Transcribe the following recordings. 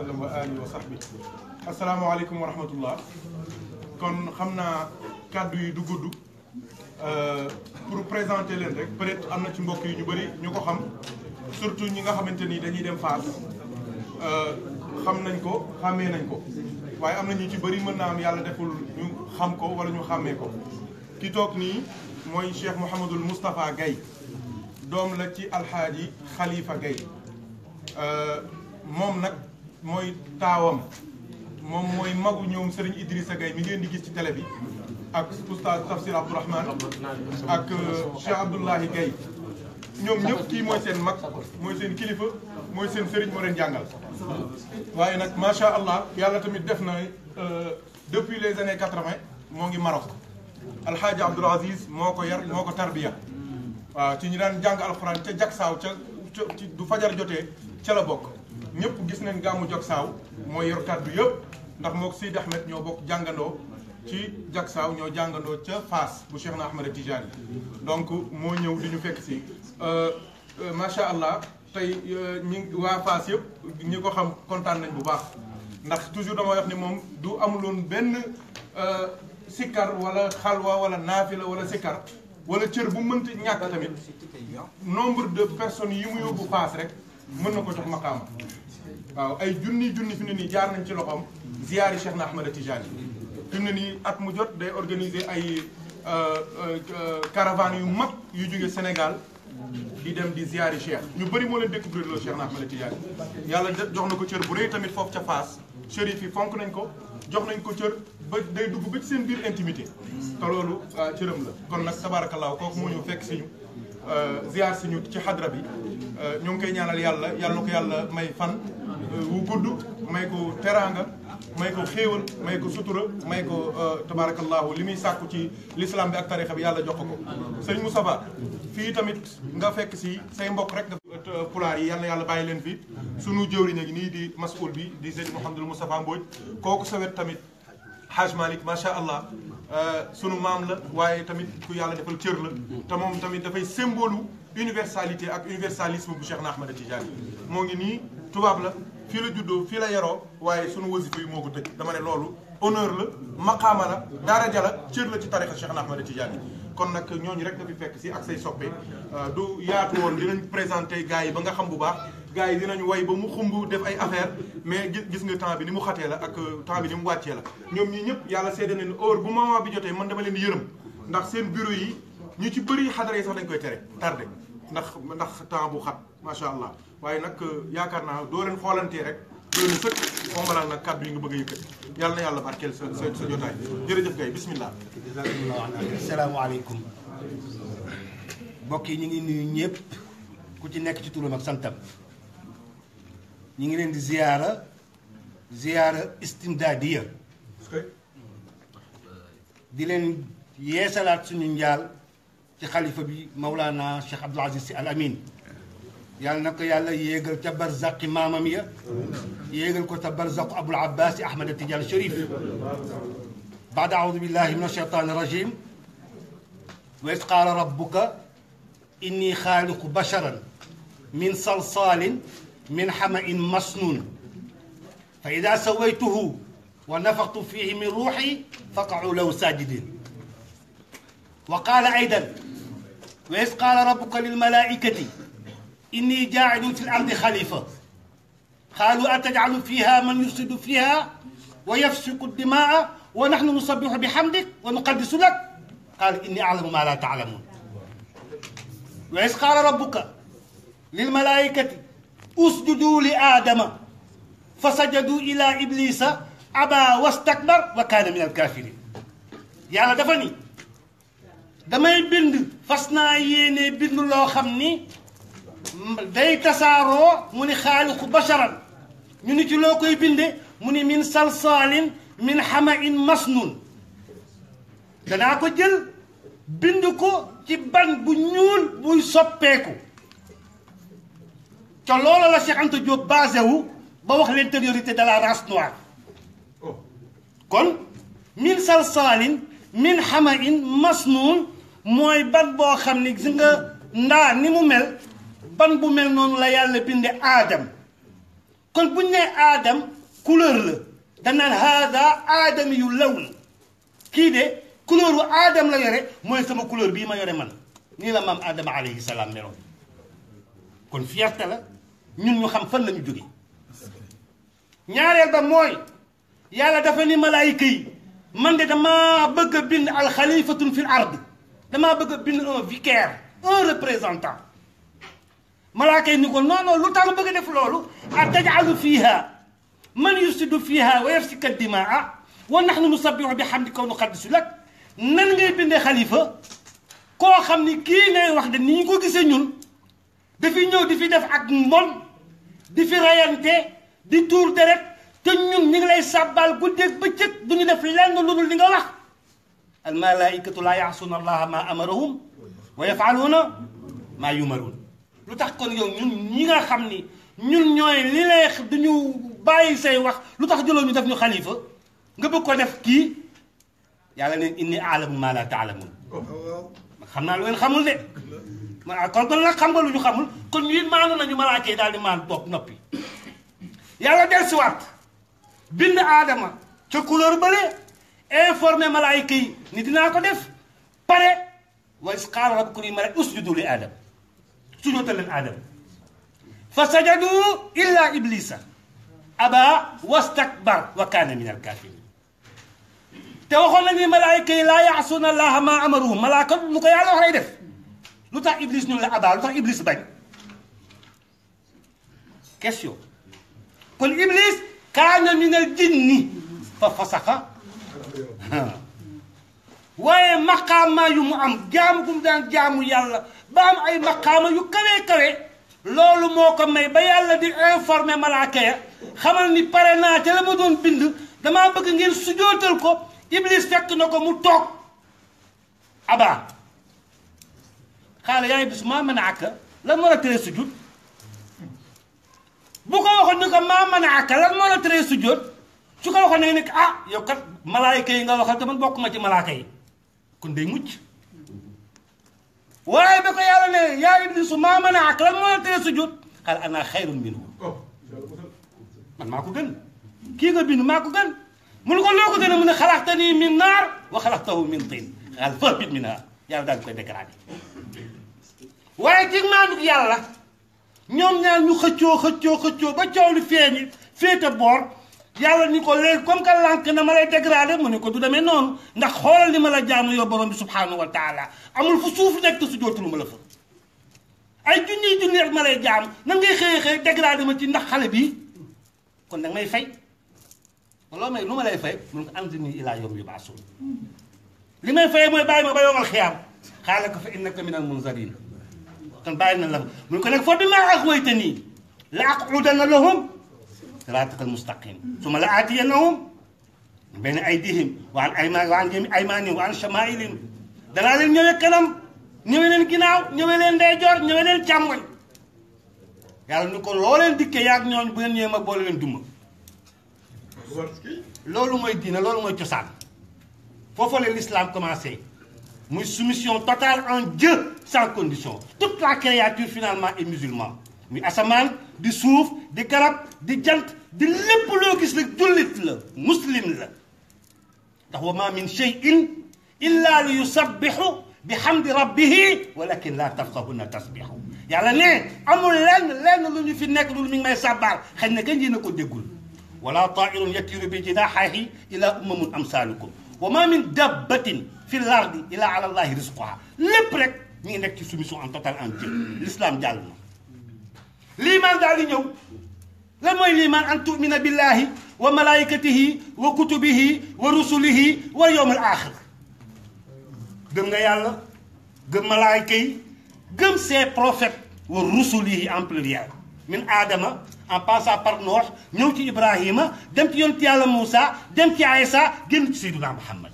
وسلم وآله وصحبه السلام عليكم ورحمة الله كن خمنا كادو naa kàddu pour présenter leen rek peut-être am na ci mbokk yi ñu bëri ñu xam surtout ñi nga xamante ni dañuy dem Fass xam nañ ko xàmmee nañ ko waaye am na ñu ci bëri mën naa am yàlla deful ñu xam ko wala ñu xàmmee ko ki toog nii mooy Cheikh Mouhamadul Moustapha Gaye doom la ci alxaaji Khalifa Gaye moom nag mooy taawam moom mooy magu ñoom Serigne Idrissa Gueye mi ngeen di gis ci télé bi ak oustaz Tafsir Abdourahman ak euh, Cheikh Abdoulahi Gueye ñoom ñëpp kii mooy seen mag mooy seen kilifa mooy seen sëriñ moo leen jàngal waaye nag macha allah yàlla tamit def na euh, depuis les années quatre-vingt moo ngi Maroc alxaaji Abdoul Aziz moo ko yar moo ko tarbiya waaw ci ñu daan jàng alxuraan ca jagsaaw ca du fajar jotee ca la bokk ñepp gis nañ gàmmu saw mooy yor kaddu yeb ndax mok seyd Ahmed ño bok jangando ci saw ño jangando ci fas bu Cheikh Ahmed Tijani donc mo ñew di ñu fekk euh, euh, allah tay euh, ñi wa fas yeb ñi ko xam contane nañ bu baax ndax toujours dama wax ni mom du ben euh sikar wala khalwa, wala nafila, wala sikar, wala cieur bu mënti ñak tamit nombre de personnes yi mu yobu fas rek mën na ko jox waaw ay junni junni fi mu ne nii jaar nañ ci loxoom ziyaari Cheikh na Ahmada Tijaani fi na ne nii at mu jot day organiser ay euh, euh, caravane yu mag yu jóge Sénégal di dem di ziyaari Cheikh ñu bëri moo leen découvrir loolu Cheikh na yàlla jox na ko cër bu rëy tamit foofu ca Faas yi fonk nañ ko jox nañ ko cër ba day dugg ba ci seen biir intimité te loolu euh, cëram la kon nag tabaarakallaa kooku moo ñu fekk si ñu ziar si ñu ci xadra bi ñoo ngi koy ñaanal yàlla yàlla yàlla may fan Euh, wu gudd may ko teraanga may ko xéewal may ko sutura may ko euh, tabaarakallaahu li muy sàkku ci lislaam bi ak tarixa bi yàlla jox ko sëñ Moussa Ba fii tamit nga fekk si say mbokk rek nga euh, pulaar yi yal na yàlla bàyyi leen fi sunu jëwriñ ak nii di masul bi di sëñ Mouhamadul Moustapha Mbodj kooku sa tamit Haj Malick macha allah sunu maam la waaye tamit ku yàlla defal cër la te moom tamit dafay symbolu universalité ak universalisme bu Cheikh na Ahmada Tidiane moo ngi nii tubaab la fii la juddoo fii la yaroo waaye sunu wasifa yi moo ko tëj dama ne loolu honneur la maqaama la daraja la cër la ci tarixa Cheikh Ahmed Tidiane kon nag ñooñu rek nga fi fekk si ak say soppe euh, du yaatu woon dinañ présenté gars yi ba nga xam bu baax gars yi dinañ way ba mu xumb def ay affaire mais gis nga temps bi ni mu xatee la ak euh, temps bi ni mu wàccee la ñoom ñii ñëpp yàlla seede na ne heure bu moment bi jotee man dama leen yërëm ndax seen bureau yi ñu ci bëri xadara yi sax dañ koy tardé ndax ndax temps bu xat macha allah waaye nag euh, yaakaar naa doo leen xoolantee rek doon sëkk xombalaal nag kàddu yi nga bëgg a yëkkati yàlla na yàlla barkeel sa sa sa jotaay jërëjëf gay bismillah asalaamaaleykum mbokk yi ñu ngi nuyu ñëpp ku ci nekk ci turam ak santam ñu ngi leen di ziyaara ziyaara istimdaadiya di leen yeesalaat suñu njaal ci xalifa bi Maulana Cheikh Abdoul Aziz Sy Al Amin yàlla na ko yàlla yéegal ca barzaqi maamam ya yéegal ko ca barzaqu Abul Abbas Ahmad Tijaan Sharif بعد أعوذ بالله من الشيطان الرجيم وإذ قال ربك إني خالق بشرا من صلصال من حمأ مسنون فإذا سويته ونفخت فيه من روحي فقعوا له ساجدين وقال أيضا وإذ قال ربك للملائكة إني جاعل في الأرض خليفة قالوا أتجعل فيها من يفسد فيها ويفسق الدماء ونحن نسبح بحمدك ونقدس لك قال إني أعلم ما لا تعلمون وإذ قال ربك للملائكة اسجدوا لآدم فسجدوا إلى إبليس أبا واستكبر وكان من الكافرين يا دفني damay bind fasna yene bind lo xamni day tasaro muni ni basharan ñu ni ci loo koy binde muni ni min salsaalin min hama'in masnun dana ko jël bind ko ci ban bu ñuul buy soppeku ca loolu la Cheikh Anta Diop basé wu ba wax l'intériorité de la race noire kon min salsaalin min xama in masnun moy ban bo xamni gis nga nda ni mu mel ban bu mel non la yàlla binde adam kon buñ ne adam couleur la nan hada adam yu lawn ki de couleur u aadam la yore moy sama couleur bi ma yore man ni la mam adam alayhi salaam meloon kon fierté la ñun ñu xam fan lañu joggé ñaarel ba moy yàlla dafa ni malaayika yi man de dama bëgg bind al fi fil ardi damaa bëgg bind un vicaire un représentant malaaka yi ni ko non non lu tax nga bëgg a def loolu a tajalu fiiha man yusidu fiiha wa yafsika dimaa wa nahnu nusabbihu bi hamdika wa nuqaddisu lak nan ngay bindee xalifa koo xam ni kii ngay wax de ni ñu ko gisee ñun dafi ñëw di fi def ak mbon di fi rayante di tuur deret te ñun ñu ngi lay sàbbaal guddeeg bëccëg du ñu def lenn lu dul li nga wax الملائكة لا يعصون الله ما أمرهم ويفعلون ما يمرون lu tax kon yow ñun ñi nga xam ni ñun ñooy li lay duñu bàyyi say wax lu tax jëloo ñu def ñu xalifa nga bëgg ko def kii yàlla ne inni aalamu ma la taalamun xam naa lu ngeen xamul de man kon kon nag xam nga lu ñu xamul kon ñun maanu nañu malaaka yi daal di maan bopp noppi yàlla delsiwaat bind aadama ca couleur bële informé malaayika yi ni dina ko def pare wa is rabbukum lil malaa'ikati usjudu li adam sujootal leen adam fa sajadu illa iblisa aba wastakbar wa kana min al kafirin te waxon nañu ni malaayika yi laa yaasuuna ma amaru malaaka lu ko yàlla wax lay def lu tax iblis ñu la abaa lu tax iblis bañ question kon iblis kana min al jinni fa fasakha waaye maqaama yu mu am jaamu gu mu daan jaamu yàlla ba am ay maqaama yu kawee loolu moo ko may ba yàlla di informer malaaka ya xamal ni pare naa ca la ma doon bind damaa bëgg ngeen sujootal ko iblis fekk na ko mu toog abaa xaala yaay bis maa mën a àkka la mën a tëree sujud su ko waxone nek ah yow kat malaika yi nga waxal te man bokuma ci malaika yi kon day mucc waye ba ko yalla ne ya ibni su maa mën ak la mo te sujud xal ana khairun minhu oh. man mako gën ki nga bindu mako gën mul ko loko ko gën mun khalaqtani min nar wa khalaqtahu min tin xal fabit minha naar dal ko degradé waye ki ci nduk yalla ñom ñaar ñu xëccoo xëccoo xëccoo ba ciow lu feñi fete bor yàlla ni ko léegi comme que lànk na ma lay dégradé mu ne ko du demee noonu ndax xoolal ni ma la jaamu yow borom bi subhanahu wa taala amul fu suuf nekk te su jootulu ma la fa ay junniy junni ak ma lay jaam nan ngay xëy xëy dégradé ma ci ndax xale bi kon nag may fay loo may lu ma lay fay mun ko andini ilaa yawmi yub'asun li may fay mooy bàyyi ma ba yowal xiyaam xaala ko fa innaka minal munzarin kon bàyyi na la mun ko nag fa bi maa axwaytanii la aqudanna lahum صراطك المستقيم ثم لآتينهم بين أيديهم وعن أيمان وعن جميع أيمانهم وعن شمائلهم danaa leen ñëwee kanam ñëwee leen ginnaaw ñëwee leen ndeyjoor ñëwee leen càmmoñ yàlla ni ko loo leen dikkee yaag ñooñ bu ngeen ñëwee ma boole leen duma loolu mooy diina loolu mooy cosaan foofu la l'islam commencé muy soumission totale en Dieu sans condition toute la créature finalement est musulmane muy asamaan di suuf di garab di jant di lépp loo gis rek jullit la muslim la ndax wa ma min cheyin illa li yusabbixu bi hamdi rabbihi walakin la tafqahuna tasbixu yàlla ne amul lenn lenn lu ñu fi nekk lu mi ngi may sàbbaal xëy na kañ dina ko déggul wala tairun yatiru bi jinaxaahi ila umamun amsalukum wa ma min dabbatin fi lardi ila ala allahi risquha lépp rek mi ngi nekk ci soumission en total en Dieu l'islam jàll na liimaan daal di ñëw lan mooy liimaan an tumina billahi wa malaikatihi wa kutubihi wa rusulihi wa yawmil axir gëm nga yàlla gëm malaayka yi gëm ses prophètes wa rusulihi en pluriel min aadama en passant par noox ñëw ci ibrahima dem ci yonent yàlla moussa dem ci aïssa génn ci seyduna muhammad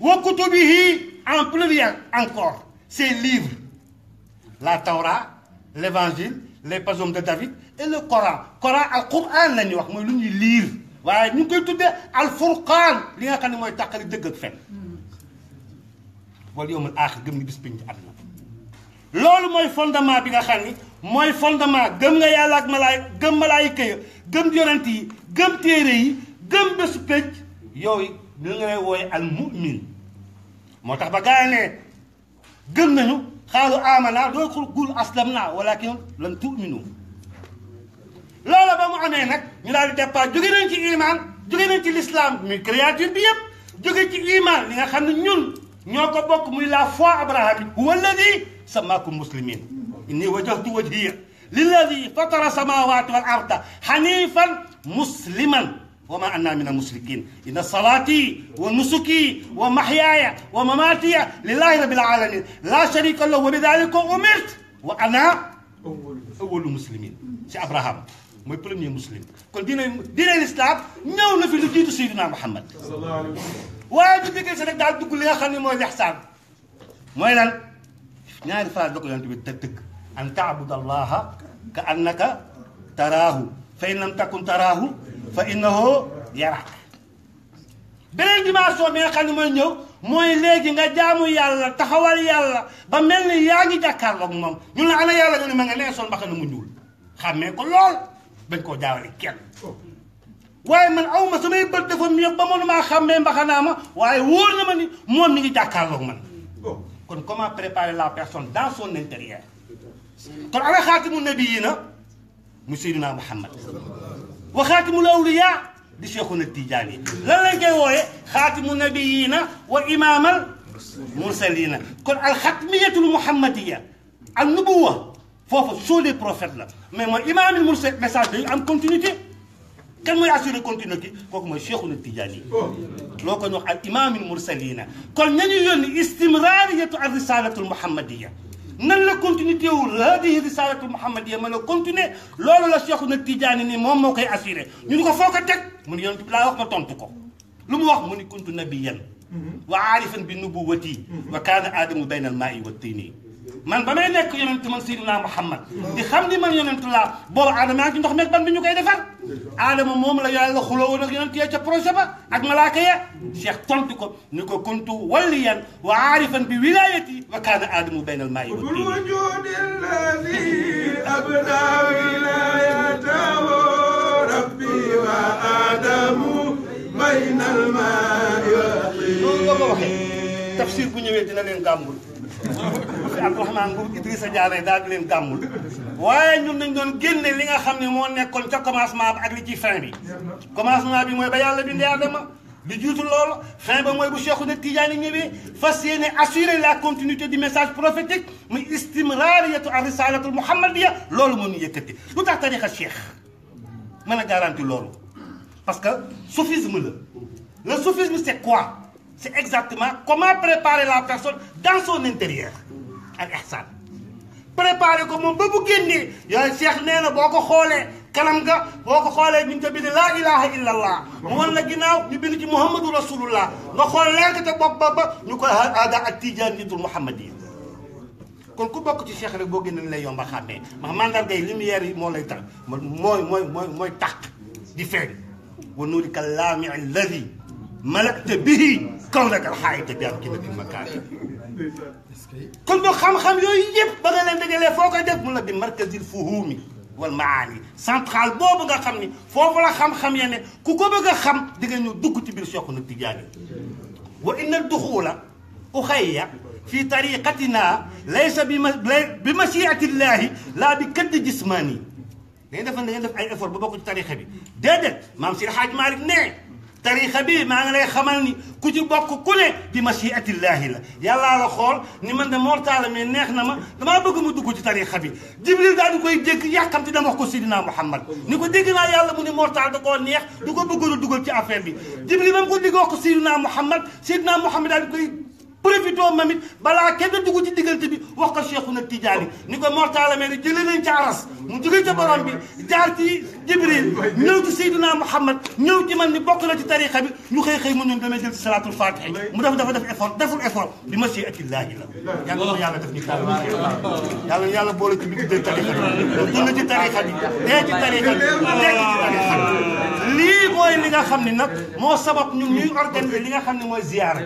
wa kutubihi en pluriel encore ses livres la tawra l'évangile les psaumes de David et le Coran Coran al Quran la lu courant al Furqan li nga xam ne ak fen wala yowmal aaxir gëm ni loolu fondement bi nga xam ni fondement gëm nga yàlla ak malaay gëm malaay gëm yonent yi gëm téere yi gëm bésu al mu'min moo ba ne gëm nañu. xaalu amana doo ko gul aslam naa walakin lan tu'minu loola ba mu amee nag ñu daal di départ jóge nañ ci iman jóge nañ ci l'islam muy créature bi yëpp jóge ci iman li nga xam ne ñun ñoo ko bokk muy la foi abrahamique huwa alladi samaakum muslimin inni wajjahtu wajhiya lilladi fatara samawati wal arda hanifan musliman وما أنا من المشركين إن صلاتي ونسكي ومحياي ومماتي لله رب العالمين لا شريك له وبذلك أمرت وأنا أول المسلمين سي أبراهام mooy premier muslim kon diine diine lislaam ñëw na fi lu jiitu Seydina Muhammad waaye bu dikkee si rek daal dugg li nga xam ne mooy lixsaan mooy lan ñaari phrase da ko yonent bi te tëgg an taabud allaha ka annaka taraahu fa in lam takun taraahu fa innahu yarak beneen dimension bi nga xam ne ma ñëw mooy léegi nga jaamu yàlla taxawal yàlla ba mel ni yaa ngi jàkkaarloog moom ñun la ana yàlla nga ne ma nga nee soon mbaxana mu ñuul xàmmee ko lool bañ koo jaawale kenn waaye man aw ma samay bët dafa mieux ba mënumaa xàmmee mbaxanaa ma waaye wóor na ma ni moom mi ngi jàkkaarloog man kon comment préparer la personne dans son intérieur kon ana xaatimu nabi yi na mu seydinaa Muhammad وخاتم الأولياء لشيخنا شيخنا التجاني لا نقول خاتم النبيين وإمام المرسلين كل الختمية المحمدية النبوة فوف سو لي بروفيت لا مي ما إمام المرسل ميساج دي أم كونتينيتي كان ما يأسير كونتينيتي كوك ما شيخنا التجاني لو كان الإمام المرسلين كل يوني استمرارية الرسالة المحمدية nan la continuité wu hadihi risalatu muhammadiya mën a continuer loolu la Cheikhu na Tijaani ni moom moo koy assuré ñu ni ko foo ko teg mu ni yonent bi laa wax ma tontu ko lu mu wax mu ni kuntu nabiyan wa aarifan bi nubuwati wa kaana aadamu bayna al maa'i wa tiini man bamay nek yonentou man sayyidina Muhammad di xam ni man yonentou la boobu aadama ak ndox mek ban bi ñu koy defar aadama moom la yàlla xuloo woon ak yonent ya ca projet ba ak malaaka ya cheikh tontu ko ni ko kuntu waliyan wa arifan bi wilayati wa kana adamu bainal ma'i wa tiin wujudi alladi abna rabbi wa aadamu bayna almaa'i wa tiin tafsir bu ñëwee dina leen gàmbul Abdourahmane Mbour Idrissa Diané daal di leen gàmmul waaye ñun nañ doon génne li nga xam ne moo nekkoon ca commencement bi ak li ci fin bi commencement bi mooy ba yàlla bindee Adama lu jiitu loolu fin ba mooy bu Cheikhu ne Tidiane ñëwee fas yéene assurer la continuité du message prophétique muy istimrariyatu ar risalatul muhammadiya loolu moo ñu yëkkati lu tax tariqa cheikh mën a garanti loolu parce que soufisme la le soufisme c'est quoi c'est exactement comment préparer la personne dans son intérieur ak ihsaan préparé ko moom ba bu génnee yooyu Cheikh nee na boo ko xoolee kanam nga boo ko xoolee ñu ngi ko bind laa ilaha illallah mu wan la ginnaaw ñu bind ci muhammadu rasulullah nga xool lenk te bopp ba ba ñu koy aada ak tijaan nitul muhammad yi kon ku bokk ci Cheikh rek boo génne lay yomba xàmmee ndax mandarga yi lumière yi moo lay tax mooy mooy mooy mooy tax di feeñ wa nuurika laami alladi malakta bihi kawnaka alxaayita bi am kina bi makaati كل ما خم خم يو يب بغل أنت جل فوق أنت ملا بمركز الفهومي والمعاني سنتخال بو بغا خمني فوق لا خم خم يعني كوكو بغا خم دعني دوكو تبير شو كنت تجاني وإن الدخول أخيا في طريقتنا ليس بمشيئة الله لا بكد جسماني لين دفن لين دفن أي أفور بباكو تاريخي دادت ما مسير حاج مالك نعي tarixa bi maa ngi lay xamal ni ku ci bokk ku ne bi masiatillahi la yàllaa la xool ni man de mortaala mais neex na ma damaa bëgg mu dugg ci tarixa bi jibril daal di koy dégg yàkkamti dama wax ko sidina muhammad ni ko dégg naa yàlla mu ni mortaal da koo neex du ko bëggoon a dugal ci affaire bi jibril ba mu ko dégg wax ko sidina muhammad sidina muhammad daal di koy profité mamit balaa kenn dugg ci diggante bi wax ko Cheikhuna Tidiane ni ko mortala mel ni jëlee leen ci aras mu jóge ca borom bi jaar ci Jibril ñëw ci Seydina Mouhamad ñëw ci man ni bokk na ci tariqa bi ñu xëy xëy mu ñun damay jël ci salaatul fatiha mu def dafa def effort deful effort bi ma siy atillahi la yàlla na yàlla def ni kàlla yàlla yàlla boole ci biir dëkk tariqa bi dund ci tariqa bi dee ci tariqa bi nekk ci tariqa bi lii mooy li nga xam ne nag moo sabab ñun ñuy organiser li nga xam ne mooy ziyaara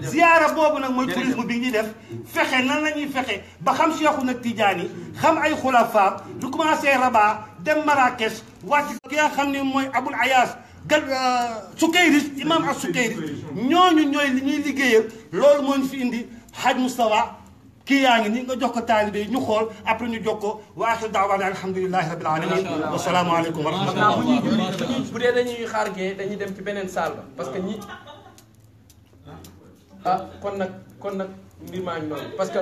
زيارة بابا نك موي توريزم بي ني ديف فخه نان لا ني فخه با خام شيخو نك تيجاني خام اي خلفاء دو كومونسي ربا دم مراكش وات كيا خام ني موي ابو العياس قال سكيريس امام السكيريس نيو نيو نيو لي ني ليغيال لول مون في اندي حاج مصطفى كي ياغي ني نغا جوكو طالبي ني خول ابري ني جوكو واخر دعوانا الحمد لله رب العالمين والسلام عليكم ورحمه الله بودي دا ني خارغي دا ني في بنين سال باسكو ني ah kon nag kon nag mbir maa ngi noonu parce que.